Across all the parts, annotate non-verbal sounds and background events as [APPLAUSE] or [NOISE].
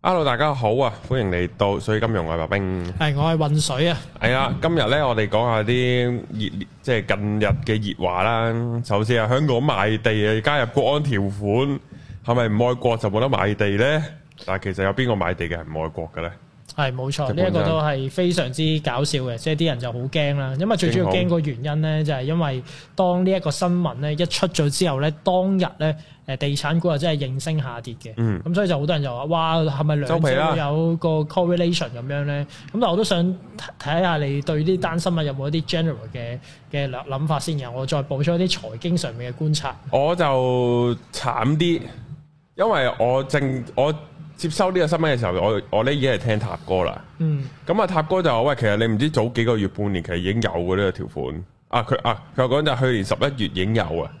hello，大家好啊，歡迎嚟到水金融外白兵，係我係渾水啊。係啊，今日咧我哋講下啲熱，即係近日嘅熱話啦。首先係香港賣地啊，加入國安條款，係咪唔愛國就冇得賣地咧？但係其實有邊個買地嘅係唔愛國嘅咧？係冇錯，呢一個都係非常之搞笑嘅，即係啲人就好驚啦。因為最主要驚個原因咧，就係因為當呢一個新聞咧一出咗之後咧，當日咧誒地產股啊真係應聲下跌嘅。嗯，咁所以就好多人就話，哇，係咪兩者有個 correlation 咁樣咧？咁但係我都想睇下你對呢單新聞有冇一啲 general 嘅嘅諗法先，然後我再補充一啲財經上面嘅觀察。我就慘啲，因為我正我。接收呢個新聞嘅時候，我我咧已經係聽塔哥啦。嗯，咁啊塔哥就話：喂，其實你唔知早幾個月，半年其實已經有嘅呢個條款。啊，佢啊佢講就去年十一月已經有啊。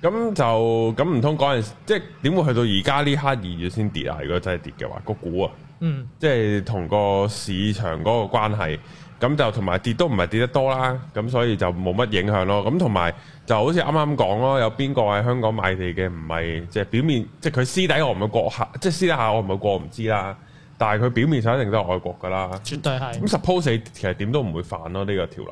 咁就咁唔通嗰陣，即係點會去到而家呢刻二月先跌啊？如果真係跌嘅話，個股啊，嗯，即係同個市場嗰個關係。咁就同埋跌都唔係跌得多啦，咁所以就冇乜影響咯。咁同埋就好似啱啱講咯，有邊個喺香港買地嘅唔係即係表面，即係佢私底我唔會過客，即係私底下我唔會過，我唔知啦。但係佢表面上一定都係愛國㗎啦，絕對係。咁 suppose 你其實點都唔會反咯呢、呢個條例。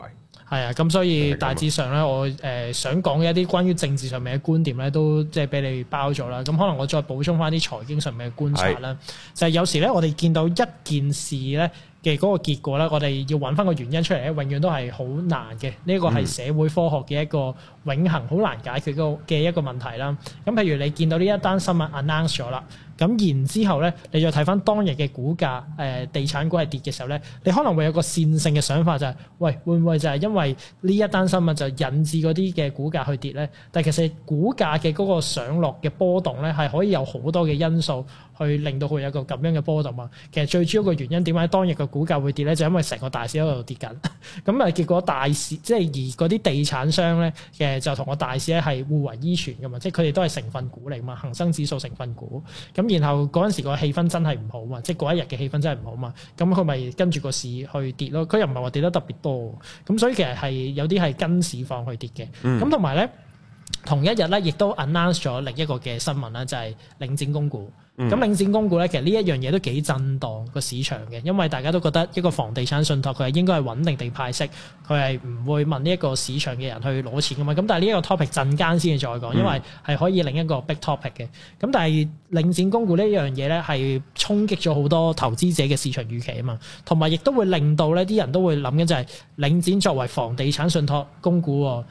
係啊，咁所以大致上咧，我誒、呃、想講嘅一啲關於政治上面嘅觀點咧，都即係俾你包咗啦。咁可能我再補充翻啲財經上面嘅觀察啦。是就係有時咧，我哋見到一件事咧。嘅嗰個結果咧，我哋要揾翻個原因出嚟咧，永遠都係好難嘅。呢個係社會科學嘅一個永恆好難解決個嘅一個問題啦。咁譬如你見到呢一單新聞 announce 咗啦，咁然之後咧，你再睇翻當日嘅股價，誒地產股係跌嘅時候咧，你可能會有個線性嘅想法就係，喂，會唔會就係因為呢一單新聞就引致嗰啲嘅股價去跌咧？但其實股價嘅嗰個上落嘅波動咧，係可以有好多嘅因素。去令到佢有一個咁樣嘅波動啊！其實最主要個原因點解當日個股價會跌咧，就因為成個大市喺度跌緊。咁啊，結果大市即係而嗰啲地產商咧，其實就同個大市咧係互為依存噶嘛，即係佢哋都係成分股嚟嘛，恒生指數成分股。咁然後嗰陣時個氣氛真係唔好嘛，即係嗰一日嘅氣氛真係唔好嘛。咁佢咪跟住個市去跌咯。佢又唔係話跌得特別多。咁所以其實係有啲係跟市放市況去跌嘅。咁同埋咧，同一日咧，亦都 announce 咗另一個嘅新聞啦，就係、是、領展供股。咁、嗯、領展供股咧，其實呢一樣嘢都幾震盪個市場嘅，因為大家都覺得一個房地產信託佢係應該係穩定地派息，佢係唔會問呢一個市場嘅人去攞錢噶嘛。咁但係呢一個 topic 陣間先至再講，因為係可以另一個 big topic 嘅。咁但係領展供股呢一樣嘢咧，係衝擊咗好多投資者嘅市場預期啊嘛，同埋亦都會令到呢啲人都會諗緊就係、是、領展作為房地產信託供股，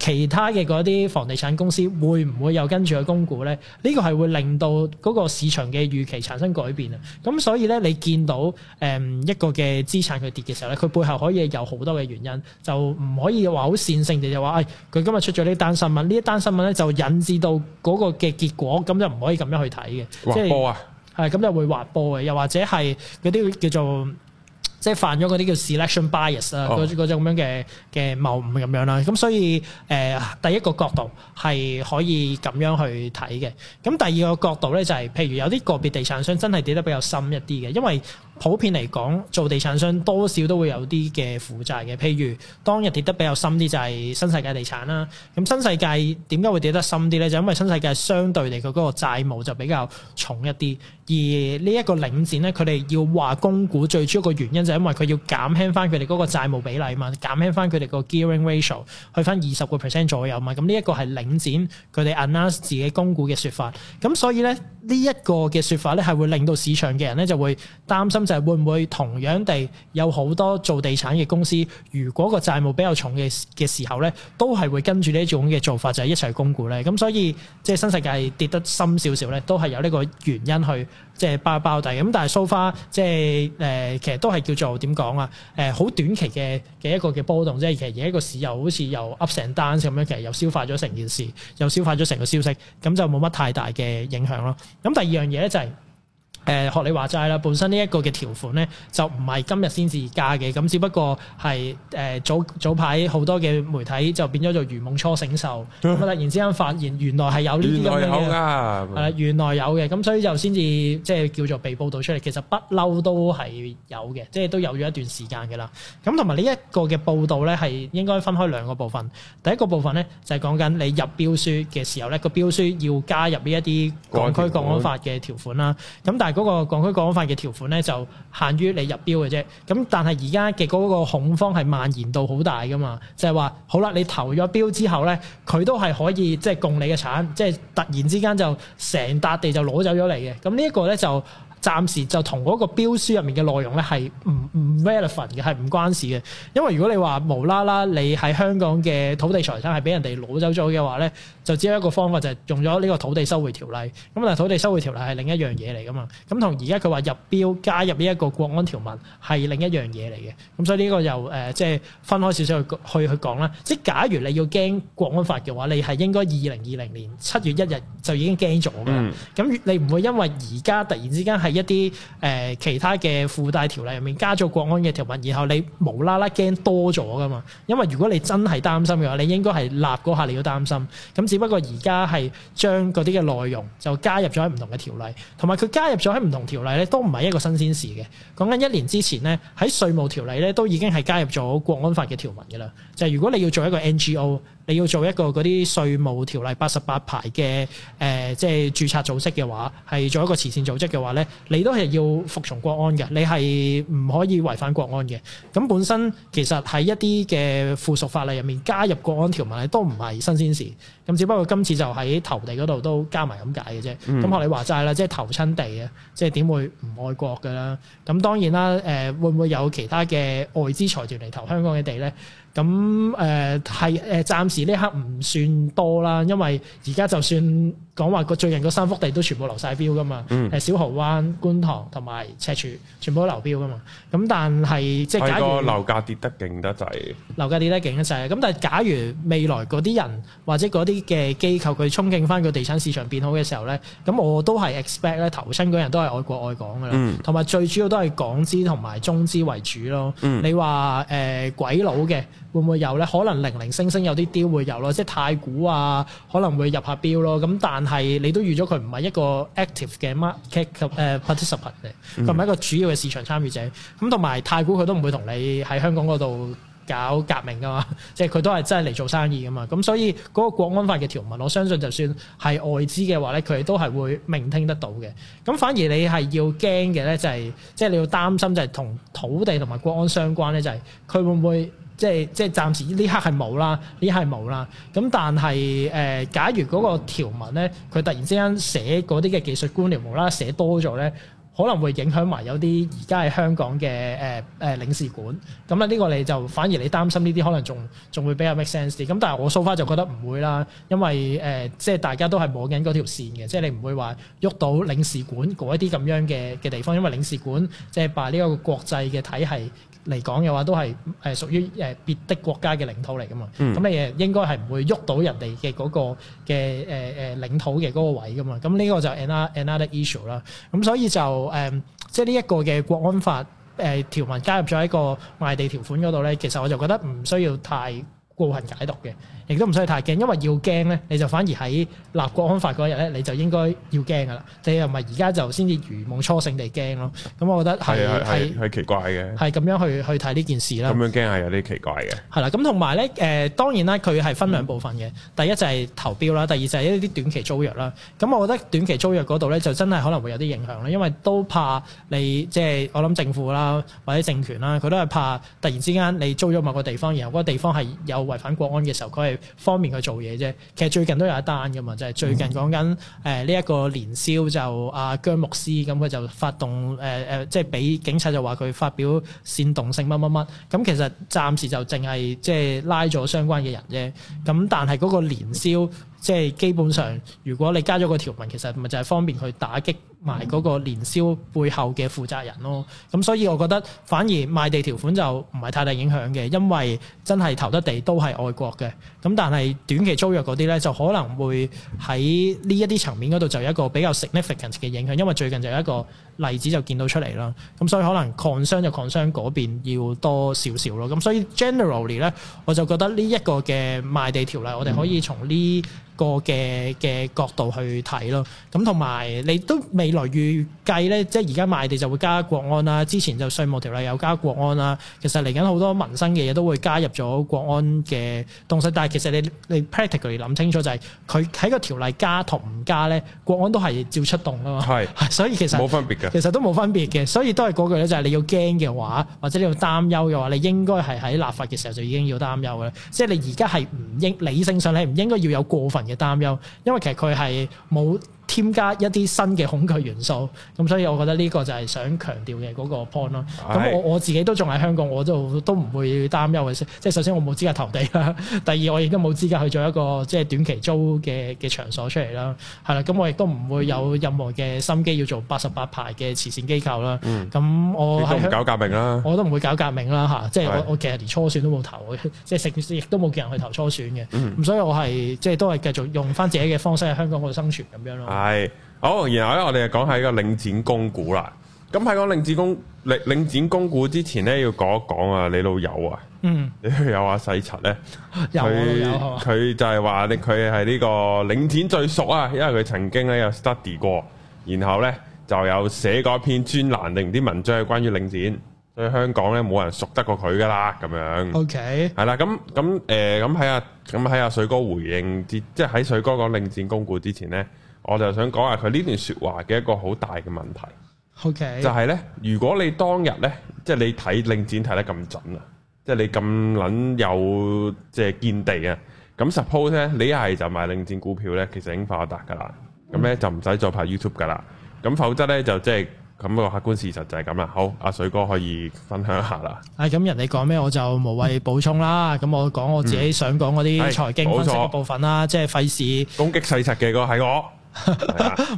其他嘅嗰啲房地產公司會唔會又跟住去供股咧？呢個係會令到嗰個市市場嘅預期產生改變啊，咁所以咧你見到誒、嗯、一個嘅資產佢跌嘅時候咧，佢背後可以有好多嘅原因，就唔可以話好線性地就話，誒、哎、佢今日出咗呢單新聞，呢一單新聞咧就引致到嗰個嘅結果，咁就唔可以咁樣去睇嘅，啊、即係係咁就會滑坡嘅，又或者係嗰啲叫做。即係犯咗嗰啲叫 selection bias 啊、oh，嗰種咁樣嘅嘅謬誤咁樣啦，咁所以誒、呃、第一個角度係可以咁樣去睇嘅，咁第二個角度咧就係、是，譬如有啲個別地產商真係跌得比較深一啲嘅，因為，普遍嚟講，做地產商多少都會有啲嘅負債嘅。譬如當日跌得比較深啲，就係新世界地產啦。咁新世界點解會跌得深啲呢？就因為新世界相對嚟佢嗰個債務就比較重一啲。而呢一個領展咧，佢哋要話供股最主要個原因就係因為佢要減輕翻佢哋嗰個債務比例嘛，減輕翻佢哋個 gearing ratio 去翻二十個 percent 左右嘛。咁呢一個係領展佢哋 announce 自己供股嘅説法。咁所以呢，呢一個嘅説法咧係會令到市場嘅人咧就會擔心。就係會唔會同樣地有好多做地產嘅公司，如果個債務比較重嘅嘅時候咧，都係會跟住呢一種嘅做法，就係、是、一齊供股咧。咁所以即係新世界跌得深少少咧，都係有呢個原因去即係包包底。咁但係 so far 即係誒、呃，其實都係叫做點講啊？誒，好、呃、短期嘅嘅一個嘅波動，即係其實而家個市又好似又 ups and downs 咁樣，其實又消化咗成件事，又消化咗成個消息，咁就冇乜太大嘅影響咯。咁第二樣嘢咧就係、是。誒學你話齋啦，本身呢一個嘅條款咧，就唔係今日先至加嘅，咁只不過係誒早早排好多嘅媒體就變咗做如夢初醒受，嗯、突然之間發現原來係有呢啲咁嘅嘢，係啦、啊啊，原來有嘅，咁所以就先至即係叫做被報導出嚟，其實不嬲都係有嘅，即係都有咗一段時間嘅啦。咁同埋呢一個嘅報導咧，係應該分開兩個部分。第一個部分咧就係講緊你入標書嘅時候咧，個標書要加入呢一啲港區國安法嘅條款啦。咁但係嗰個《港區國安法》嘅條款咧，就限於你入標嘅啫。咁但係而家嘅嗰個恐慌係蔓延到好大噶嘛？就係話，好啦，你投咗標之後咧，佢都係可以即係共你嘅產，即係突然之間就成笪地就攞走咗嚟嘅。咁呢一個咧就。暫時就同嗰個標書入面嘅內容咧係唔唔 relevant 嘅，係唔關事嘅。因為如果你話無啦啦你喺香港嘅土地財產係俾人哋攞走咗嘅話咧，就只有一個方法就係用咗呢個土地收回條例。咁但係土地收回條例係另一樣嘢嚟㗎嘛。咁同而家佢話入標加入呢一個國安條文係另一樣嘢嚟嘅。咁所以呢個又誒即係分開少少去去去講啦。即係假如你要驚國安法嘅話，你係應該二零二零年七月一日就已經驚咗㗎。咁你唔會因為而家突然之間係一啲誒、呃，其他嘅附帶條例入面加咗國安嘅條文，然後你無啦啦驚多咗噶嘛？因為如果你真係擔心嘅話，你應該係立嗰下你要擔心咁。只不過而家係將嗰啲嘅內容就加入咗喺唔同嘅條例，同埋佢加入咗喺唔同條例咧，都唔係一個新鮮事嘅。講緊一年之前咧，喺稅務條例咧都已經係加入咗國安法嘅條文嘅啦。就係、如果你要做一個 N G O。你要做一個嗰啲稅務條例八十八排嘅誒，即係註冊組織嘅話，係做一個慈善組織嘅話呢，你都係要服從國安嘅，你係唔可以違反國安嘅。咁本身其實喺一啲嘅附屬法例入面加入國安條文，都唔係新鮮事。咁只不過今次就喺投地嗰度都加埋咁解嘅啫。咁學、嗯、你話齋啦，即係投親地嘅，即係點會唔愛國嘅啦？咁當然啦，誒、呃、會唔會有其他嘅外資財團嚟投香港嘅地咧？咁誒係誒暫時呢刻唔算多啦，因為而家就算。講話個最近個三幅地都全部流晒標噶嘛，誒、嗯、小蠔灣、觀塘同埋赤柱全部都流標噶嘛。咁但係即係假如樓價跌得勁得滯，樓價跌得勁得滯，咁但係假如未來嗰啲人或者嗰啲嘅機構佢衝勁翻個地產市場變好嘅時候咧，咁我都係 expect 咧，投親嗰人都係愛國愛港噶啦，同埋、嗯、最主要都係港資同埋中資為主咯。嗯、你話誒、呃、鬼佬嘅？會唔會有咧？可能零零星星有啲雕會有咯，即係太古啊，可能會入下標咯。咁但係你都預咗佢唔係一個 active 嘅 market 誒 participant 嚟，佢唔係一個主要嘅市場參與者。咁同埋太古佢都唔會同你喺香港嗰度搞革命噶嘛，即係佢都係真係嚟做生意噶嘛。咁所以嗰個國安法嘅條文，我相信就算係外資嘅話咧，佢都係會明聽得到嘅。咁反而你係要驚嘅咧，就係即係你要擔心就係同土地同埋國安相關咧，就係佢會唔會？即係即係暫時呢刻係冇啦，呢刻係冇啦。咁但係誒、呃，假如嗰個條文咧，佢突然之間寫嗰啲嘅技術官僚無啦啦寫多咗咧，可能會影響埋有啲而家係香港嘅誒誒領事館。咁咧呢個你就反而你擔心呢啲可能仲仲會比較 make sense 啲。咁但係我 so far 就覺得唔會啦，因為誒、呃、即係大家都係摸緊嗰條線嘅，即係你唔會話喐到領事館嗰一啲咁樣嘅嘅地方，因為領事館即係把呢個國際嘅體系。嚟講嘅話，都係誒屬於誒別的國家嘅領土嚟噶嘛，咁、嗯、你誒應該係唔會喐到人哋嘅嗰個嘅誒誒領土嘅嗰個位噶嘛，咁呢個就 another another issue 啦。咁所以就誒、呃，即係呢一個嘅國安法誒、呃、條文加入咗一個賣地條款嗰度咧，其實我就覺得唔需要太。高頻解讀嘅，亦都唔需要太驚，因為要驚咧，你就反而喺立國安法嗰日咧，你就應該要驚噶啦。你又咪而家就先至如夢初醒地驚咯。咁我覺得係係係奇怪嘅，係咁樣去去睇呢件事啦。咁樣驚係有啲奇怪嘅。係啦，咁同埋咧，誒、呃、當然啦，佢係分兩部分嘅。嗯、第一就係投標啦，第二就係一啲短期租約啦。咁我覺得短期租約嗰度咧，就真係可能會有啲影響啦，因為都怕你即係我諗政府啦或者政權啦，佢都係怕突然之間你租咗某個地方，然後嗰個地方係有。違反國安嘅時候，佢係方便佢做嘢啫。其實最近都有一單嘅嘛，就係、是、最近講緊誒呢一個年宵就阿、啊、姜牧斯姜牧師咁，佢就發動誒誒、呃呃，即係俾警察就話佢發表煽動性乜乜乜。咁其實暫時就淨係即係拉咗相關嘅人啫。咁但係嗰個年宵。嗯即係基本上，如果你加咗個條文，其實咪就係方便佢打擊埋嗰個年宵背後嘅負責人咯。咁所以我覺得，反而賣地條款就唔係太大影響嘅，因為真係投得地都係愛國嘅。咁但係短期租約嗰啲呢，就可能會喺呢一啲層面嗰度就有一個比較 significant 嘅影響，因為最近就有一個。例子就見到出嚟啦，咁所以可能擴商就擴商嗰邊要多少少咯，咁所以 generally 咧，我就覺得呢一個嘅賣地條例，我哋可以從呢個嘅嘅角度去睇咯。咁同埋你都未來預計咧，即係而家賣地就會加國安啦，之前就稅務條例有加國安啦，其實嚟緊好多民生嘅嘢都會加入咗國安嘅東西，但係其實你你 practically 諗清楚就係佢喺個條例加同唔加咧，國安都係照出動啊嘛。係是，所以其實冇分別㗎。其實都冇分別嘅，所以都係嗰句咧，就係你要驚嘅話，或者你要擔憂嘅話，你應該係喺立法嘅時候就已經要擔憂啦。即係你而家係唔應理性上你唔應該要有過分嘅擔憂，因為其實佢係冇添加一啲新嘅恐懼元素，咁所以我覺得呢個就係想強調嘅嗰個 point 咯。咁的我我自己都仲喺香港，我都都唔會擔憂嘅先。即係首先我冇資格投地啦，第二我亦都冇資格去做一個即係短期租嘅嘅場所出嚟啦。係啦，咁我亦都唔會有任何嘅心機要做八十八排嘅慈善機構啦。咁、嗯、我喺都唔搞革命啦。我都唔會搞革命啦吓，即係的我我其實連初選都冇投，即係食亦都冇見人去投初選嘅。咁、嗯、所以我係即係都係繼續用翻自己嘅方式喺香港嗰度生存咁樣咯。啊啊係好，然後咧，我哋就講下呢個領展供股啦。咁喺講領展供領展供股之前呢，要講一講啊，你老友啊，嗯， [LAUGHS] 有阿細柒呢，佢佢就係話咧，佢係呢個領展最熟啊，因為佢曾經咧有 study 過，然後呢，就有寫過一篇專欄定啲文章係關於領展，所以香港呢冇人熟得過佢噶 Okay. 啦，咁樣。O K，係啦，咁咁誒，咁喺阿咁喺阿水哥回應之，即係喺水哥講領展供股之前呢。我就想講下佢呢段説話嘅一個好大嘅問題。OK，就係呢：如果你當日呢，即、就、係、是、你睇令展睇得咁準啊，即、就、係、是、你咁撚有即係、就是、見地啊，咁 suppose 咧，你係就買令展股票呢，其實已經發達噶啦，咁呢，就唔使再拍 YouTube 噶啦，咁、嗯、否則呢，就即係咁個客觀事實就係咁啦。好，阿水哥可以分享一下啦。啊、哎，咁人哋講咩我就無謂補充啦。咁、嗯、我講我自己想講嗰啲財經分析嘅部分啦，嗯、即係費事攻擊事實嘅嗰係我。 [LAUGHS]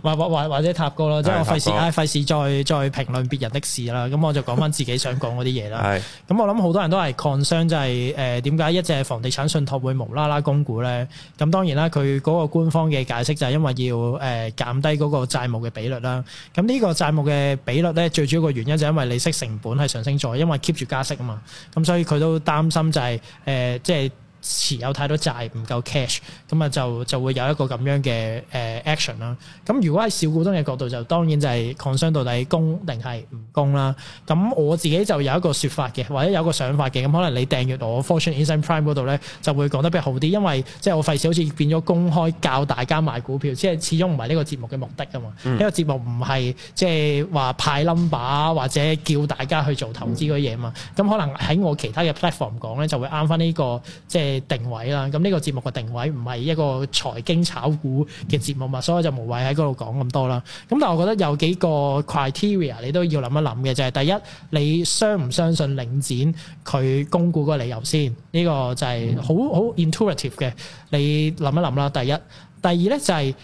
或或或或者塔過咯，即係的我費事，唉費事再再評論別人的事啦。咁我就講返自己想講嗰啲嘢啦。咁 [LAUGHS] 我諗好多人都係抗商，就係誒點解一隻房地產信託會無啦啦供股咧？咁當然啦，佢嗰個官方嘅解釋就係因為要誒、呃、減低嗰個債務嘅比率啦。咁呢個債務嘅比率咧，最主要個原因就係因為利息成本係上升咗，因為 keep 住加息啊嘛。咁所以佢都擔心就係、是、誒、呃、即係。持有太多債唔夠 cash，咁啊就就會有一個咁樣嘅誒、呃、action 啦。咁如果喺小股東嘅角度，就當然就係 concern 到底供定係唔供啦。咁我自己就有一個說法嘅，或者有一個想法嘅。咁可能你訂閱我，、mm. 我 Fortune Insight Prime 嗰度咧，就會講得比較好啲，因為即係、就是、我費事好似變咗公開教大家買股票，即係始終唔係呢個節目嘅目的啊嘛。呢、mm. 個節目唔係即係話派 number 或者叫大家去做投資嗰啲嘢啊嘛。咁、mm. 可能喺我其他嘅 platform 講咧，就會啱翻呢個即係。就是定位啦，咁呢個節目嘅定位唔係一個財經炒股嘅節目嘛，所以就無謂喺嗰度講咁多啦。咁但係我覺得有幾個 criteria 你都要諗一諗嘅，就係、是、第一，你相唔相信領展佢供股嗰個理由先？呢、這個就係好好 intuitive 嘅，你諗一諗啦。第一，第二咧就係、是。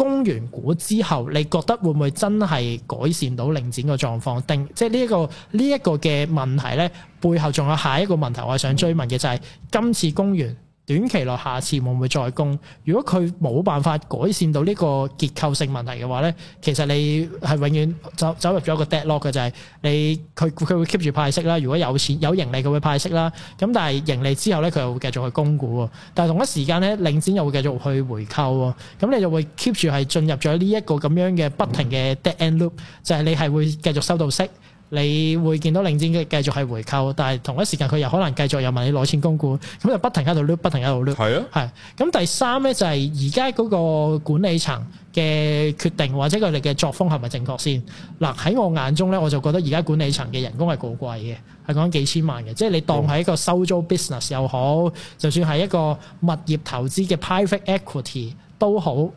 供完股之後，你覺得會唔會真係改善到領展嘅狀況定即係呢一個呢一、呢個嘅問題咧，背後仲有下一個問題，我想追問嘅就係、是、今次供完。短期內下次會唔會再供？如果佢冇辦法改善到呢個結構性問題嘅話咧，其實你係永遠走走入咗一個 deadlock 嘅，就係你佢佢會 keep 住派息啦。如果有錢有盈利佢會派息啦。咁但係盈利之後咧，佢又會繼續去供股喎。但係同一時間咧，領展又會繼續去回購喎。咁你就會 keep 住係進入咗呢一個咁樣嘅不停嘅 dead end loop，就係你係會繼續收到息。你會見到領展嘅繼續係回購，但係同一時間佢又可能繼續又問你攞錢供股，咁就不停喺度擼，不停喺度擼。係啊，係。咁第三咧就係而家嗰個管理層嘅決定或者佢哋嘅作風係咪正確先？嗱喺我眼中咧，我就覺得而家管理層嘅人工係好貴嘅，係講幾千萬嘅，即係你當係一個收租 business 又好，嗯、就算係一個物業投資嘅 private equity 都好。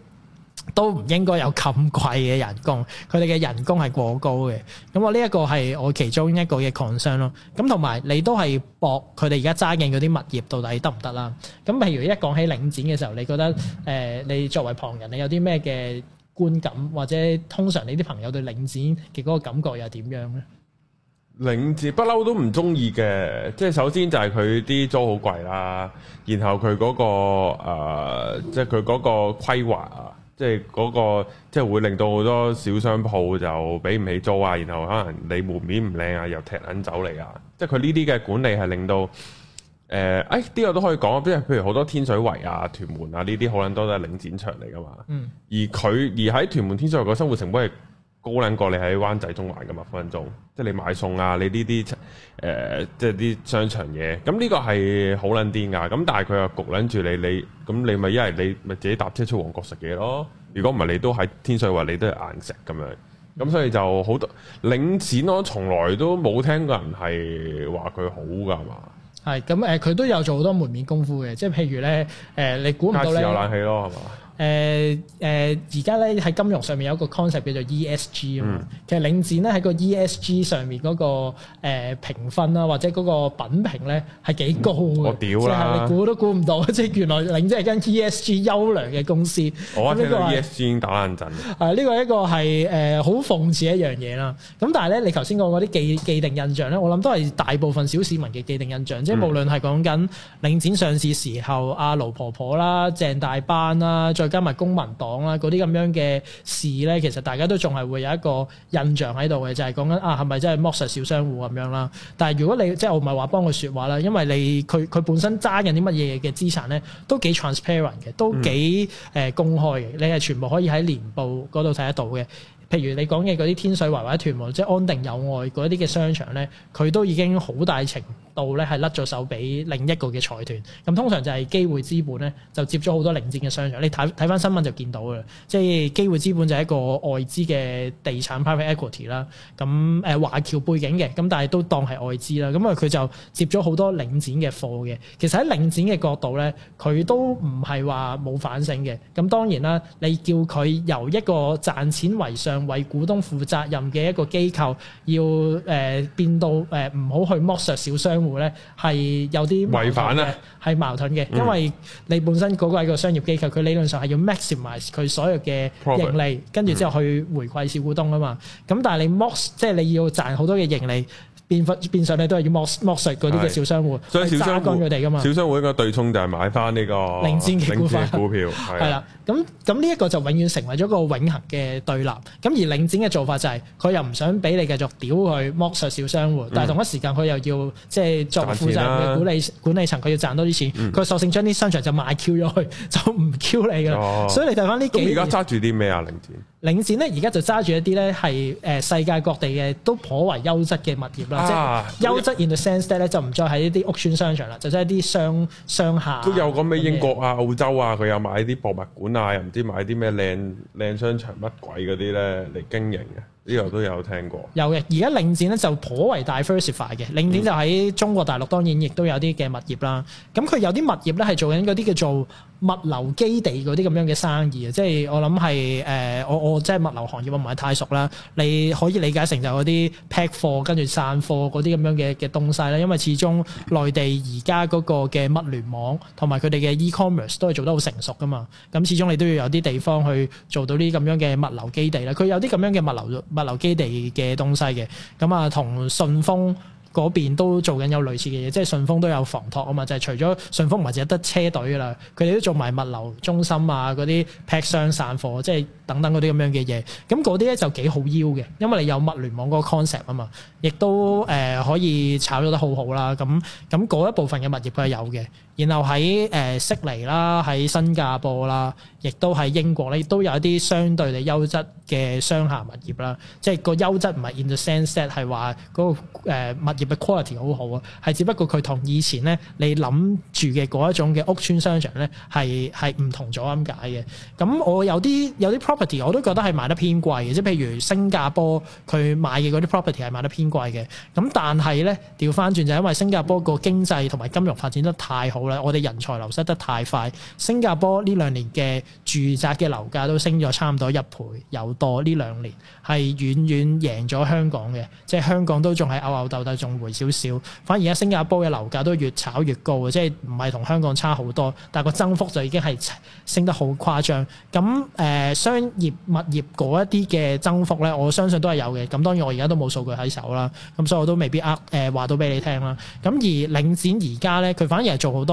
都唔應該有咁貴嘅人工，佢哋嘅人工係過高嘅。咁我呢一個係我其中一個嘅 concern 咯。咁同埋你都係博佢哋而家揸緊嗰啲物業到底得唔得啦？咁譬如一講起領展嘅時候，你覺得誒、呃、你作為旁人，你有啲咩嘅觀感，或者通常你啲朋友對領展嘅嗰個感覺又點樣呢？領字不嬲都唔中意嘅，即係首先就係佢啲租好貴啦，然後佢嗰個、誒即係佢嗰個規劃啊。即係嗰個，即係會令到好多小商鋪就俾唔起租啊，然後可能你門面唔靚啊，又踢撚走嚟啊。即係佢呢啲嘅管理係令到，誒、呃，哎，啲、呢個、我都可以講，即係譬如好多天水圍啊、屯門啊呢啲，可能多都係領展場嚟噶嘛。嗯而，而佢而喺屯門天水圍嘅生活成本係，高撚過你喺灣仔中環咁啊分鐘，即係你買餸啊，你呢啲誒即係啲商場嘢，咁呢個係好撚癲㗎。咁但係佢又焗撚住你，你咁你咪一係你咪自己搭車出旺角食嘢咯。如果唔係，你都喺天水圍，你都係硬食咁樣。咁所以就好多，領展咯，從來都冇聽過人係話佢好㗎，係嘛？係咁誒，佢都有做好多門面功夫嘅，即係譬如咧誒、呃，你估唔到咧。有冷氣咯，係嘛？誒誒，而家咧喺金融上面有個 concept 叫做 ESG 啊。其實領展咧喺個 ESG 上面嗰個誒評分啊，或者嗰個品評咧係幾高，我屌，即你估都估唔到，即係原來領展係間 ESG 優良嘅公司。我聽講 ESG 已經打爛陣。誒呢個一個係誒好諷刺一樣嘢啦。咁但係咧，你頭先講嗰啲既既定印象咧，我諗都係大部分小市民嘅既定印象，即係無論係講緊領展上市時候阿盧婆婆啦、鄭大班啦。再加埋公民黨啦，嗰啲咁樣嘅事咧，其實大家都仲係會有一個印象喺度嘅，就係講緊啊，係咪真係剝削小商戶咁樣啦？但係如果你即係我唔係話幫佢說話啦，因為你佢佢本身揸緊啲乜嘢嘅資產咧，都幾 transparent 嘅，都幾誒公開嘅，你係全部可以喺年報嗰度睇得到嘅。譬如你講嘅嗰啲天水圍或者屯門，即係安定友愛嗰啲嘅商場咧，佢都已經好大情度咧係甩咗手俾另一個嘅財團，咁通常就係機會資本咧就接咗好多領展嘅商場，你睇睇翻新聞就見到嘅，即係機會資本就係一個外資嘅地產 private equity 啦。咁誒華僑背景嘅，咁但係都當係外資啦。咁啊佢就接咗好多領展嘅貨嘅。其實喺領展嘅角度咧，佢都唔係話冇反省嘅。咁當然啦，你叫佢由一個賺錢為上、為股東負責任嘅一個機構要誒、呃、變到誒唔好去剝削小商。咧係有啲違反嘅，係矛盾嘅，因為你本身嗰個係一個商業機構，佢理論上係要 maximize 佢所有嘅盈利，it 跟住之後去回饋小股東啊嘛。咁但係你 mock，即係你要賺好多嘅盈利。變變相咧都係要剝剝削嗰啲嘅小商戶，所以小商戶佢哋噶嘛，小商戶一個對沖就係買翻呢個領展嘅股票，係啦，咁咁呢一個就永遠成為咗個永恆嘅對立。咁而領展嘅做法就係佢又唔想俾你繼續屌佢剝削小商戶，但係同一時間佢又要即係作為負責人嘅管理管理層，佢要賺多啲錢，佢索性將啲商場就賣 Q 咗去，就唔 Q 你噶啦。所以你睇翻呢幾年，咁而家揸住啲咩啊？領展領展咧，而家就揸住一啲咧係誒世界各地嘅都頗為優質嘅物業啦。啊！優質 in the sense 咧，就唔再喺一啲屋村商場啦，就即係一啲商商下都有講咩英國啊、啊澳洲啊，佢又買啲博物館啊，又唔知買啲咩靚靚商場乜鬼嗰啲咧嚟經營嘅。呢個都有聽過，有嘅。而家領展咧就頗為 diversify 嘅，嗯、領展就喺中國大陸當然亦都有啲嘅物業啦。咁佢有啲物業咧係做緊嗰啲叫做物流基地嗰啲咁樣嘅生意啊，即係我諗係誒，我我即係物流行業我唔係太熟啦。你可以理解成就嗰啲 pack 貨跟住散貨嗰啲咁樣嘅嘅東西咧，因為始終內地而家嗰個嘅物聯網同埋佢哋嘅 e-commerce 都係做得好成熟噶嘛。咁始終你都要有啲地方去做到啲咁樣嘅物流基地啦。佢有啲咁樣嘅物流。物流基地嘅東西嘅，咁啊同順豐嗰邊都做緊有類似嘅嘢，即係順豐都有房託啊嘛，就係、是、除咗順豐或者得車隊啦，佢哋都做埋物流中心啊，嗰啲劈箱散貨，即係等等嗰啲咁樣嘅嘢，咁嗰啲咧就幾好要嘅，因為你有物聯網嗰個 concept 啊嘛，亦都誒、呃、可以炒咗得好好啦，咁咁嗰一部分嘅物業佢係有嘅。然後喺誒悉尼啦，喺新加坡啦，亦都喺英國咧，亦都有一啲相對嘅優質嘅商廈物業啦。即係個優質唔係 in the sense set 係話嗰個、呃、物業嘅 quality 好好啊，係只不過佢同以前咧你諗住嘅嗰一種嘅屋邨商場咧係係唔同咗咁解嘅。咁我有啲有啲 property 我都覺得係賣得偏貴嘅，即係譬如新加坡佢買嘅嗰啲 property 係賣得偏貴嘅。咁但係咧調翻轉就因為新加坡個經濟同埋金融發展得太好。我哋人才流失得太快，新加坡呢兩年嘅住宅嘅樓價都升咗差唔多一倍有多，呢兩年係遠遠贏咗香港嘅，即係香港都仲係拗拗鬥鬥，仲回少少，反而而家新加坡嘅樓價都越炒越高，即係唔係同香港差好多，但係個增幅就已經係升得好誇張。咁誒、呃，商業物業嗰一啲嘅增幅咧，我相信都係有嘅。咁當然我而家都冇數據喺手啦，咁所以我都未必、啊、呃誒話到俾你聽啦。咁而領展而家咧，佢反而係做好多。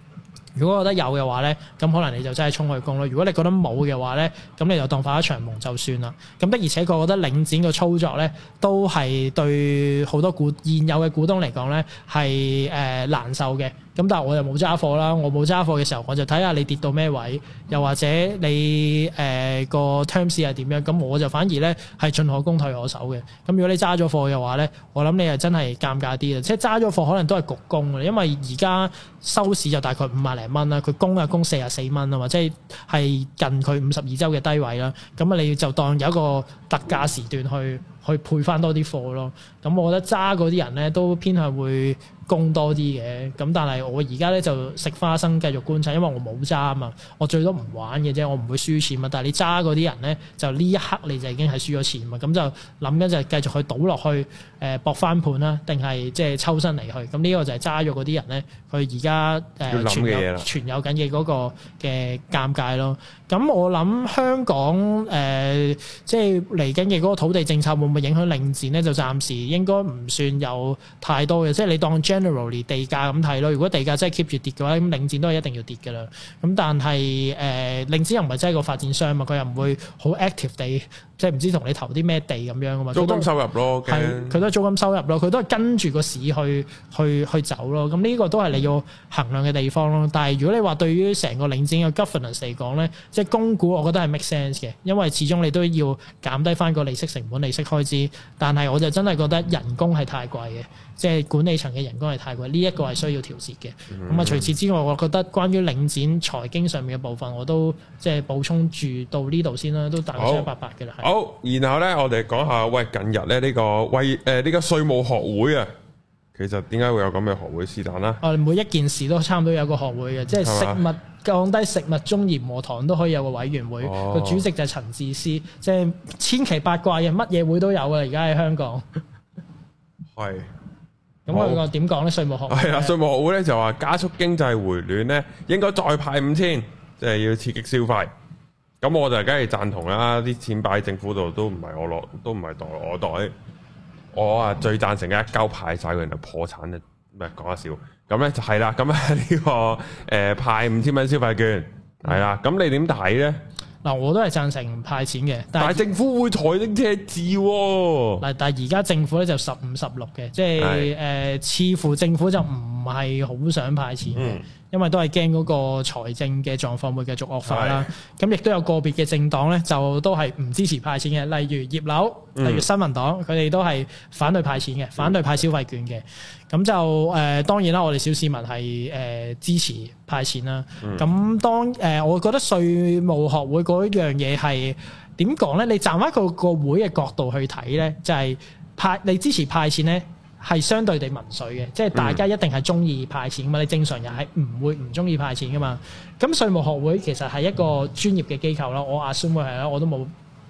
如果覺得有嘅話咧，咁可能你就真係衝去工咯。如果你覺得冇嘅話咧，咁你就當發一場夢就算啦。咁的而且確，我覺得領展嘅操作咧，都係對好多股現有嘅股東嚟講咧係誒難受嘅。咁但係我又冇揸貨啦，我冇揸貨嘅時候，我就睇下你跌到咩位，又或者你誒個 terms 係點樣，咁我就反而咧係進可攻退可守嘅。咁如果你揸咗貨嘅話咧，我諗你係真係尷尬啲啊！即係揸咗貨可能都係局工啊，因為而家收市就大概五萬零蚊啦，佢供啊供四十四蚊啊嘛，即係係近佢五十二周嘅低位啦。咁啊，你要就當有一個特價時段去。去配翻多啲貨咯，咁我覺得揸嗰啲人咧都偏向會供多啲嘅，咁但係我而家咧就食花生繼續觀察，因為我冇揸啊嘛，我最多唔玩嘅啫，我唔會輸錢嘛。但係你揸嗰啲人咧，就呢一刻你就已經係輸咗錢嘛，咁就諗緊就係繼續去賭落去，誒搏翻盤啦，定係即係抽身離去？咁呢個就係揸咗嗰啲人咧，佢而家誒存有存有緊嘅嗰個嘅尷尬咯。咁我諗香港誒即係嚟緊嘅嗰個土地政策會咪影響領展咧，就暫時應該唔算有太多嘅，即係你當 generally 地價咁睇咯。如果地價真係 keep 住跌嘅話，咁領展都係一定要跌嘅啦。咁但係誒、呃，領展又唔係真係個發展商嘛，佢又唔會好 active 地，即係唔知同你投啲咩地咁樣啊嘛。租，租金收入咯，佢都係租金收入咯，佢都係跟住個市去去去走咯。咁呢個都係你要衡量嘅地方咯。但係如果你話對於成個領展嘅 governance 嚟講咧，即係供股，我覺得係 make sense 嘅，因為始終你都要減低翻個利息成本、利息開。但係我就真係覺得人工係太貴嘅，即、就、係、是、管理層嘅人工係太貴，呢、這、一個係需要調節嘅。咁啊、嗯，除此之外，我覺得關於領展財經上面嘅部分，我都即係補充住到呢度先啦，都大概雙好八八嘅啦。好，然後咧，我哋講下喂，近日咧呢、這個喂誒呢、呃這個稅務學會啊，其實點解會有咁嘅學會是但啦？我哋每一件事都差唔多有個學會嘅，即係食物。降低食物中鹽和糖都可以有個委員會，個、哦、主席就係陳智思，即、就、係、是、千奇百怪嘅乜嘢會都有嘅。而家喺香港係，咁我點講呢？稅務學係啦，稅務學會咧就話加速經濟回暖呢，應該再派五千，即係要刺激消費。咁我就梗係贊同啦，啲錢擺政府度都唔係我攞，都唔係袋我袋。我啊最贊成嘅一交派晒曬人就破產啦，唔係講下笑。咁咧就係啦，咁啊呢個誒、呃、派五千蚊消費券係啦，咁你點睇咧？嗱，我都係贊成派錢嘅，但係政府會抬升赤字喎。嗱，但係而家政府咧就十五十六嘅，即係誒，似乎政府就唔係好想派錢。嗯因為都係驚嗰個財政嘅狀況會繼續惡化啦，咁亦都有個別嘅政黨咧，就都係唔支持派錢嘅，例如葉劉，嗯、例如新民黨，佢哋都係反對派錢嘅，反對派消費券嘅。咁、嗯、就誒、呃、當然啦，我哋小市民係誒、呃、支持派錢啦。咁、嗯、當誒、呃、我覺得稅務學會嗰樣嘢係點講咧？你站翻嗰個會嘅角度去睇咧，就係、是、派你支持派錢咧。係相對地民粹嘅，即係大家一定係中意派錢嘛。你正常人係唔會唔中意派錢嘅嘛。咁稅務學會其實係一個專業嘅機構啦。嗯、我 assume 係啦，我都冇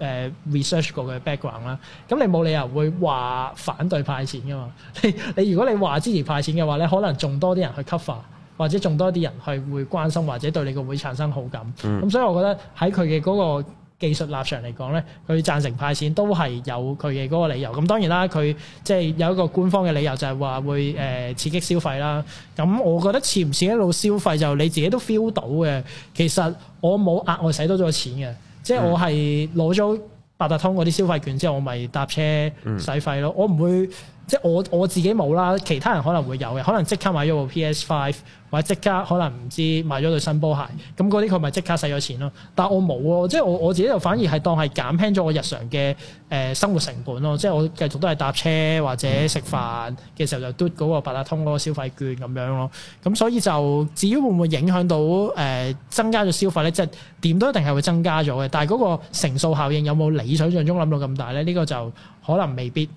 誒、uh, research 過佢 background 啦。咁你冇理由會話反對派錢嘅嘛。 [LAUGHS] 你你如果你話支持派錢嘅話咧，你可能仲多啲人去 cover，或者仲多啲人去會關心或者對你個會產生好感。咁、嗯、所以我覺得喺佢嘅嗰個技術立場嚟講咧，佢贊成派錢都係有佢嘅嗰個理由。咁當然啦，佢即係有一個官方嘅理由就係話會誒、呃、刺激消費啦。咁我覺得似唔似一路消費就你自己都 feel 到嘅。其實我冇額外使多咗錢嘅，嗯、即係我係攞咗八達通嗰啲消費券之後，我咪搭車使費咯。嗯、我唔會。即係我我自己冇啦，其他人可能會有嘅，可能即刻買咗部 PS Five，或者即刻可能唔知買咗對新波鞋，咁嗰啲佢咪即刻使咗錢咯。但係我冇啊，即係我我自己就反而係當係減輕咗我日常嘅誒、呃、生活成本咯。即係我繼續都係搭車或者食飯嘅時候就嘟嗰個八達通嗰個消費券咁樣咯。咁所以就至於會唔會影響到誒、呃、增加咗消費咧？即係點都一定係會增加咗嘅。但係嗰個乘數效應有冇你想像中諗到咁大咧？呢、這個就可能未必。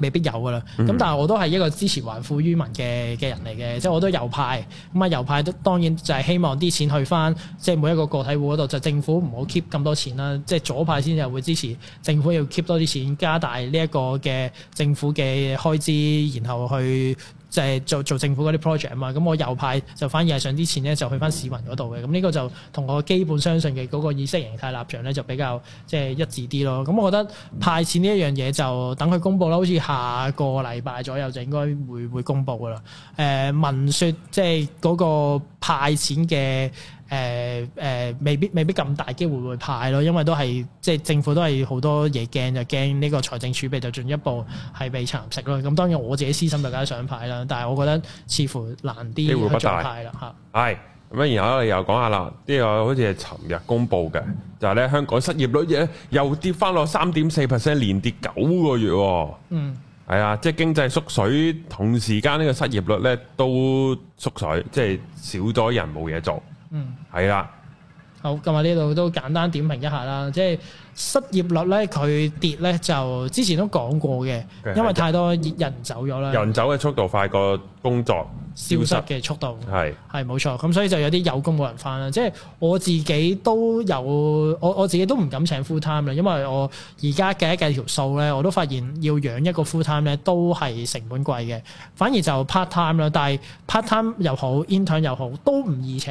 未必有噶啦，咁、嗯嗯、但係我都係一個支持還富於民嘅嘅人嚟嘅，即係我都右派，咁啊右派都當然就係希望啲錢去翻，即係每一個個體戶嗰度，就政府唔好 keep 咁多錢啦，即係左派先至會支持政府要 keep 多啲錢，加大呢一個嘅政府嘅開支，然後去。就係做做政府嗰啲 project 啊嘛，咁我又派就反而係上啲錢咧就去翻市民嗰度嘅，咁呢個就同我基本相信嘅嗰個意識形態立場咧就比較即係、就是、一致啲咯。咁我覺得派錢呢一樣嘢就等佢公布啦，好似下個禮拜左右就應該會會公布噶啦。誒、呃，文說即係嗰個派錢嘅。誒誒、呃呃，未必未必咁大機會會派咯，因為都係即係政府都係好多嘢驚，就驚呢個財政儲備就進一步係被蠶食咯。咁當然我自己私心就梗係想派啦，但係我覺得似乎難啲機會唔大，派啦嚇。係咁、嗯、然後咧又講下啦，呢、這、嘢、個、好似係尋日公布嘅，就係、是、咧香港失業率咧又跌翻落三點四 percent，連跌九個月喎、哦。嗯，係啊，即係經濟縮水，同時間呢個失業率咧都縮水，即係少咗人冇嘢做。嗯，係啦的。好，今日呢度都簡單點評一下啦，即係。失業率咧，佢跌咧就之前都講過嘅，因為太多人走咗啦。人走嘅速度快過工作消失嘅速度，係係冇錯。咁所以就有啲有工冇人返啦。即係我自己都有，我我自己都唔敢請 full time 啦，因為我而家計一計條數咧，我都發現要養一個 full time 咧都係成本貴嘅。反而就 part time 啦，但係 part time 又好，intern 又好，都唔易請。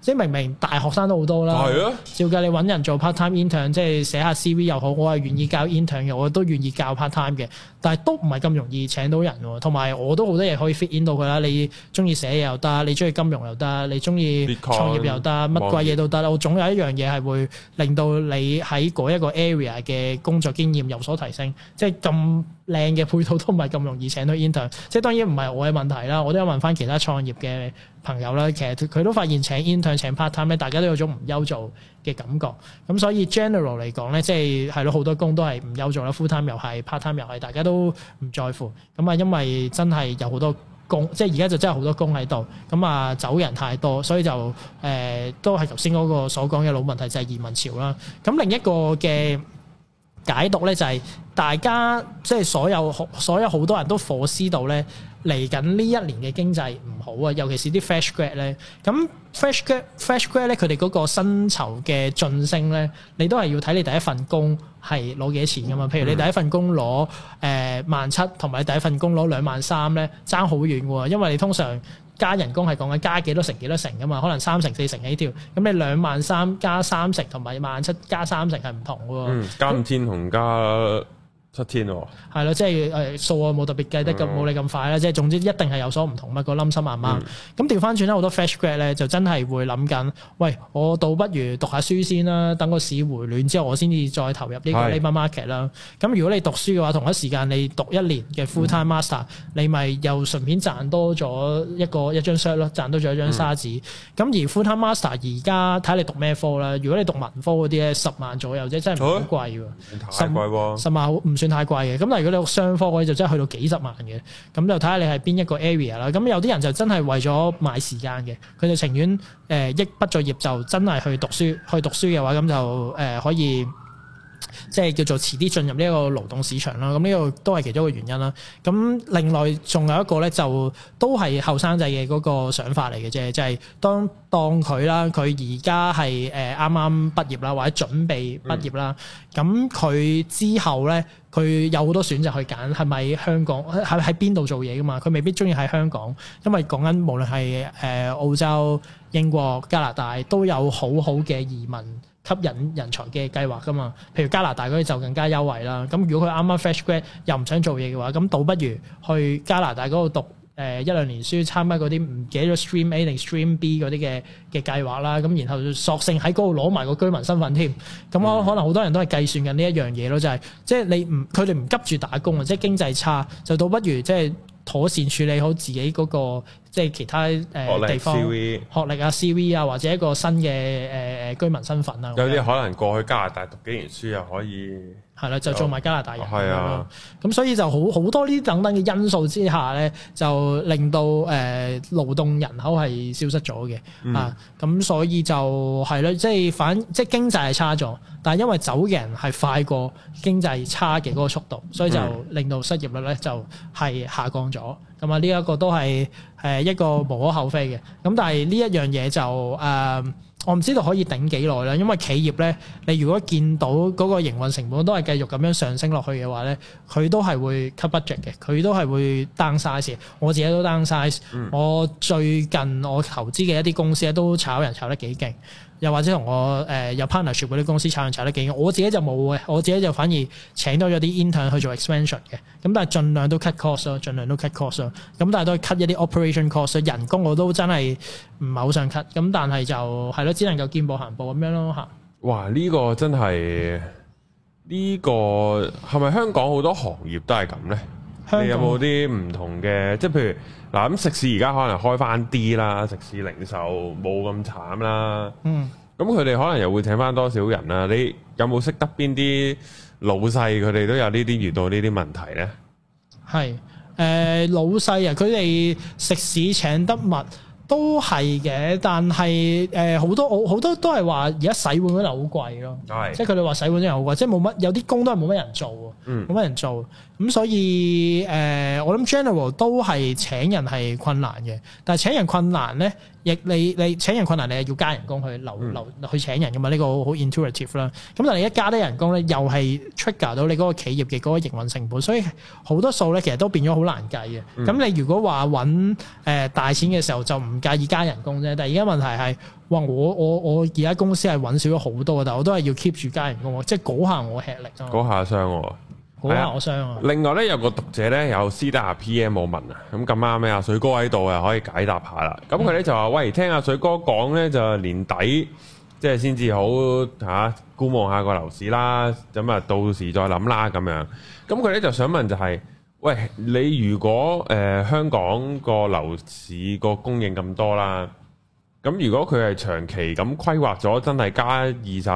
即係明明大學生都好多啦，係啊，照計你揾人做 part time intern 即係睇下 CV 又好，我係願意教 intern 嘅，我都願意教 part time 嘅，但係都唔係咁容易請到人喎。同埋我都好多嘢可以 fit in 到佢啦。你中意寫嘢又得，你中意金融又得，你中意創業又得，乜鬼嘢都得。我總有一樣嘢係會令到你喺嗰一個 area 嘅工作經驗有所提升。即係咁靚嘅配套都唔係咁容易請到 intern。即係當然唔係我嘅問題啦，我都有問翻其他創業嘅。朋友咧，其實佢都發現請 intern、請 part time 咧，大家都有種唔憂做嘅感覺。咁所以 general 嚟講咧，即係係咯，好多工都係唔憂做啦，full time 又係，part time 又係，大家都唔在乎。咁啊，因為真係有好多工，即係而家就真係好多工喺度。咁啊，走人太多，所以就誒都係頭先嗰個所講嘅老問題，就係移民潮啦。咁另一個嘅解讀咧，就係大家即係所有好，所有好多人都火燒到咧。嚟緊呢一年嘅經濟唔好啊，尤其是啲 fresh grad 咧，咁 fresh grad fresh grad 咧，佢哋嗰個薪酬嘅晉升咧，你都係要睇你第一份工係攞幾多錢噶嘛？譬如你第一份工攞誒萬七，同埋你第一份工攞兩萬三咧，爭好遠喎。因為你通常加人工係講緊加幾多成幾多成噶嘛，可能三成四成起跳。咁你兩萬三加三成，17, 成同埋萬七加三成係唔同嘅喎。嗯，加唔天同加。那嗯七天喎、哦，係咯、嗯，即係誒、哎、數我冇特別計得咁冇你咁快啦，即係總之一定係有所唔同乜、嗰個冧心麻麻。咁調翻轉咧，好多 fresh grad e 咧就真係會諗緊，喂，我倒不如讀下書先啦，等個市回暖之後，我先至再投入呢個 labour market 啦。咁是如果你讀書嘅話，同一時間你讀一年嘅 full time master，、嗯、你咪又順便賺多咗一個一張 cert 咯，賺多咗一張沙紙、嗯。咁而 full time master 而家睇你讀咩科啦，如果你讀文科嗰啲咧，十萬左右啫，真係唔貴喎，太貴喎，嗯、十萬好唔？算太貴嘅，咁但如果你有雙科嘅就真係去到幾十萬嘅，咁就睇下你係邊一個 area 啦。咁有啲人就真係為咗買時間嘅，佢就情願誒一畢咗業就真係去讀書，去讀書嘅話咁就誒、呃、可以。即係叫做遲啲進入呢一個勞動市場啦，咁呢個都係其中一個原因啦。咁另外仲有一個咧，就都係後生仔嘅嗰個想法嚟嘅啫，即係當當佢啦，佢而家係誒啱啱畢業啦，或者準備畢業啦，咁佢、嗯、之後咧，佢有好多選擇去揀，係咪香港喺喺邊度做嘢噶嘛？佢未必中意喺香港，因為講緊無論係誒、呃、澳洲、英國、加拿大都有好好嘅移民。吸引人才嘅計劃㗎嘛，譬如加拿大嗰啲就更加優惠啦。咁如果佢啱啱 fresh grad 又唔想做嘢嘅話，咁倒不如去加拿大嗰度讀誒一兩年書，參加嗰啲唔記得咗 stream A 定 stream B 嗰啲嘅嘅計劃啦。咁然後索性喺嗰度攞埋個居民身份添。咁我、嗯、可能好多人都係計算緊呢一樣嘢咯，就係即係你唔佢哋唔急住打工啊，即係經濟差就倒不如即係妥善處理好自己嗰個。即係其他誒、呃、學歷地方 CV，學歷啊、CV 啊，或者一個新嘅誒誒居民身份啊，有啲可能過去加拿大讀幾年書又可以係啦，就做埋加拿大人係啊，咁、哦、所以就好好多呢等等嘅因素之下咧，就令到誒勞、呃、動人口係消失咗嘅、嗯、啊，咁所以就係啦，即係反即係經濟係差咗，但係因為走嘅人係快過經濟差嘅嗰個速度，所以就令到失業率咧就係下降咗。嗯。咁啊，呢一個都係誒一個無可厚非嘅。咁但係呢一樣嘢就誒、呃，我唔知道可以頂幾耐啦。因為企業咧，你如果見到嗰個營運成本都係繼續咁樣上升落去嘅話咧，佢都係會 cut budget 嘅，佢都係會 down size。我自己都 down size。嗯、我最近我投資嘅一啲公司咧，都炒人炒得幾勁。又或者同我誒、呃、有 partner 全部啲公司炒運炒得幾，我自己就冇嘅，我自己就反而請多咗啲 intern 去做 expansion 嘅，咁但係盡量都 cut cost 咯，盡量都 cut cost 咯。咁但係都係 cut 一啲 operation cost，人工我都真係唔係好想 cut，咁但係就係咯，只能夠見步行步咁樣咯吓？哇！呢個真係呢個係咪香港好多行業都係咁咧？你有冇啲唔同嘅，即係譬如嗱，咁食肆而家可能開翻啲啦，食肆零售冇咁慘啦。嗯，咁佢哋可能又會請翻多少人啊？你有冇識得邊啲老細？佢哋都有呢啲遇到呢啲問題呢？係，誒、呃、老細啊，佢哋食肆請得密。都係嘅，但係誒，好多好好多都係話而家洗碗咧好貴咯，即係佢哋話洗碗真係好貴，即係冇乜有啲工都係冇乜人做，冇乜人做，咁所以誒我諗 general 都係請人係困難嘅，但係請人困難咧，亦你你請人困難你係要加人工去留留去請人噶嘛？呢個好好 intuitive 啦。咁但係你一加啲人工咧，又係 trigger 到你嗰個企業嘅嗰個營運成本，所以好多數咧其實都變咗好難計嘅。咁你如果話揾誒大錢嘅時候就唔。介意加人工啫，但係而家問題係，哇！我我我而家公司係搵少咗好多啊，但係我都係要 keep 住加人工，即係攰下我吃力咯，攰下傷喎，攰下我傷啊！另外咧，有個讀者咧有私底下 PM 冇問啊，咁咁啱咩啊？水哥喺度啊，可以解答下啦。咁佢咧就話喂，聽阿水哥講咧，就年底即係先至好吓，觀望下個樓市啦，咁啊到時再諗啦咁樣。咁佢咧就想問就係。喂，你如果誒、呃、香港個樓市個供應咁多啦，咁如果佢係長期咁規劃咗，真係加二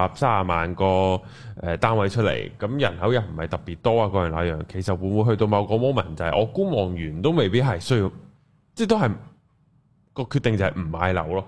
十、三十萬個誒、呃、單位出嚟，咁人口又唔係特別多啊，嗰樣那樣，其實會唔會去到某個 moment 就係我觀望完都未必係需要，即、就、係、係、都係、個決定就係唔買樓咯。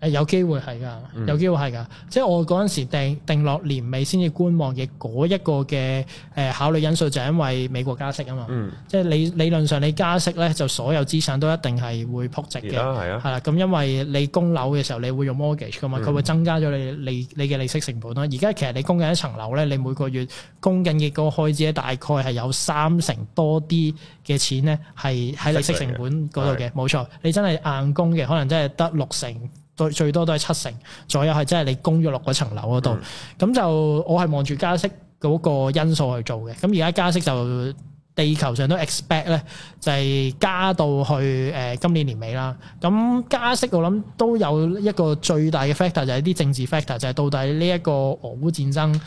誒有機會係㗎，有機會係㗎，嗯、即係我嗰陣時定定落年尾先至觀望嘅嗰一個嘅誒、呃、考慮因素，就因為美國加息啊嘛。嗯、即係理理論上你加息咧，就所有資產都一定係會撲值嘅。而家係啊，係啦，咁因為你供樓嘅時候，你會用 mortgage 㗎嘛，佢會增加咗你利你嘅利息成本咯。嗯、而家其實你供緊一層樓咧，你每個月供緊嘅嗰個開支咧，大概係有三成多啲嘅錢咧，係喺利息成本嗰度嘅，冇錯。你真係硬供嘅，可能真係得六成。最多都係七成左右，係真係你供咗落嗰層樓嗰度，咁、嗯、就我係望住加息嗰個因素去做嘅。咁而家加息就地球上都 expect 咧，就係、是、加到去誒、呃、今年年尾啦。咁加息我諗都有一個最大嘅 factor 就係啲政治 factor，就係到底呢一個俄烏戰爭誒、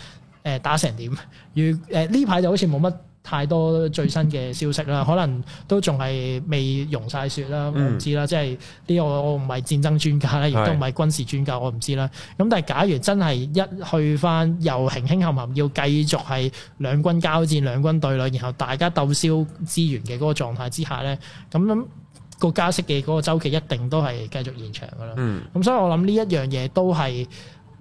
呃、打成點？如誒呢排就好似冇乜，太多最新嘅消息啦， [LAUGHS] 可能都仲係未融晒雪啦，我唔知啦，嗯、即係呢個我唔係戰爭專家咧，亦都唔係軍事專家，我唔知啦。咁但係假如真係一去翻又興輕冚冚，要繼續係兩軍交戰兩軍對壘，然後大家鬥消資源嘅嗰個狀態之下咧，咁、個加息嘅嗰個週期一定都係繼續延長噶啦。咁、嗯、所以我諗呢一樣嘢都係。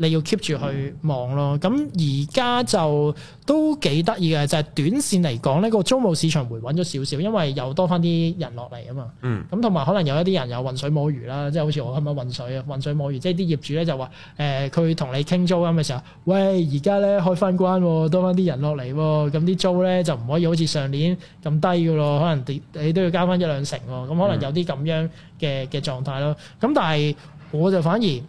你要 keep 住去望咯，咁而家就都幾得意嘅，就係、是、短線嚟講，呢個租務市場回穩咗少少，因為又多翻啲人落嚟啊嘛。嗯。咁同埋可能有一啲人有混水摸魚啦，即係好似我咁樣混水啊？混水摸魚，即係啲業主咧就話誒，佢、呃、同你傾租金嘅時候，喂，而家咧開翻關，多翻啲人落嚟喎，咁啲租咧就唔可以好似上年咁低噶咯，可能你都要加翻一兩成喎，咁可能有啲咁樣嘅嘅狀態咯。咁、嗯、但係我就反而。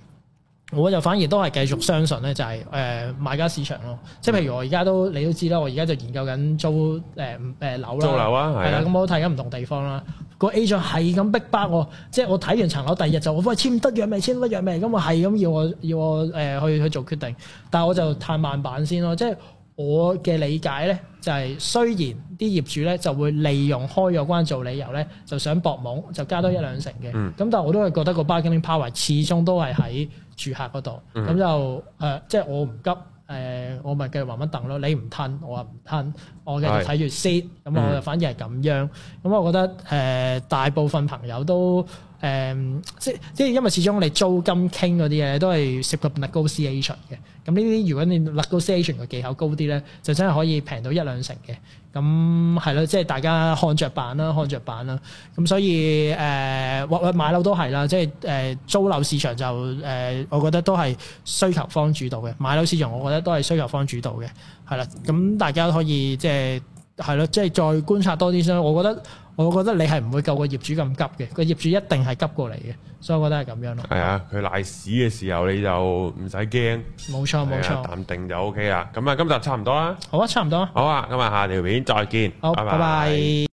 我就反而都係繼續相信咧，就係、是、誒、呃、買家市場咯。即係譬如我而家都你都知啦，我而家就研究緊租誒誒、呃呃、樓啦。租樓啊，係啊，咁我都睇緊唔同地方啦。個 agent 係咁逼迫我，即係我睇完層樓，第二日就我喂，簽得約未？簽得約未？咁我係咁要我要我誒去去做決定，但係我就太慢版先咯，即、uh, 係、um, uh,。Uh, um, yeah 我嘅理解咧，就係、是、雖然啲業主咧就會利用開約關做理由咧，就想搏懵就加多一兩成嘅。咁、嗯、但係我都係覺得個 bargaining power 始終都係喺住客嗰度。咁、嗯、就誒、呃，即係我唔急，誒、呃、我咪繼續慢慢等咯。你唔吞，我話唔吞，我繼續睇住 sit。咁啊是，我就反而係咁樣。咁、嗯、我覺得誒、呃，大部分朋友都。誒、嗯、即即因為始終我哋租金傾嗰啲嘢都係涉及 negotiation 嘅，咁呢啲如果你 negotiation 嘅技巧高啲咧，就真係可以平到一兩成嘅。咁係咯，即係大家看着辦啦，看着辦啦。咁所以誒、呃，買樓都係啦，即係誒、呃、租樓市場就誒、呃，我覺得都係需求方主導嘅。買樓市場我覺得都係需求方主導嘅，係啦。咁大家可以即係係咯，即係再觀察多啲先我覺得。我覺得你係唔會夠個業主咁急嘅，個業主一定係急過嚟嘅，所以我覺得係咁樣咯。係啊，佢瀨屎嘅時候你就唔使驚，冇錯冇錯，係啊、冇錯淡定就 OK 啦。咁啊，今集差唔多啦。好啊，差唔多。好啊，今日下條片再見。好，拜拜。好，拜拜。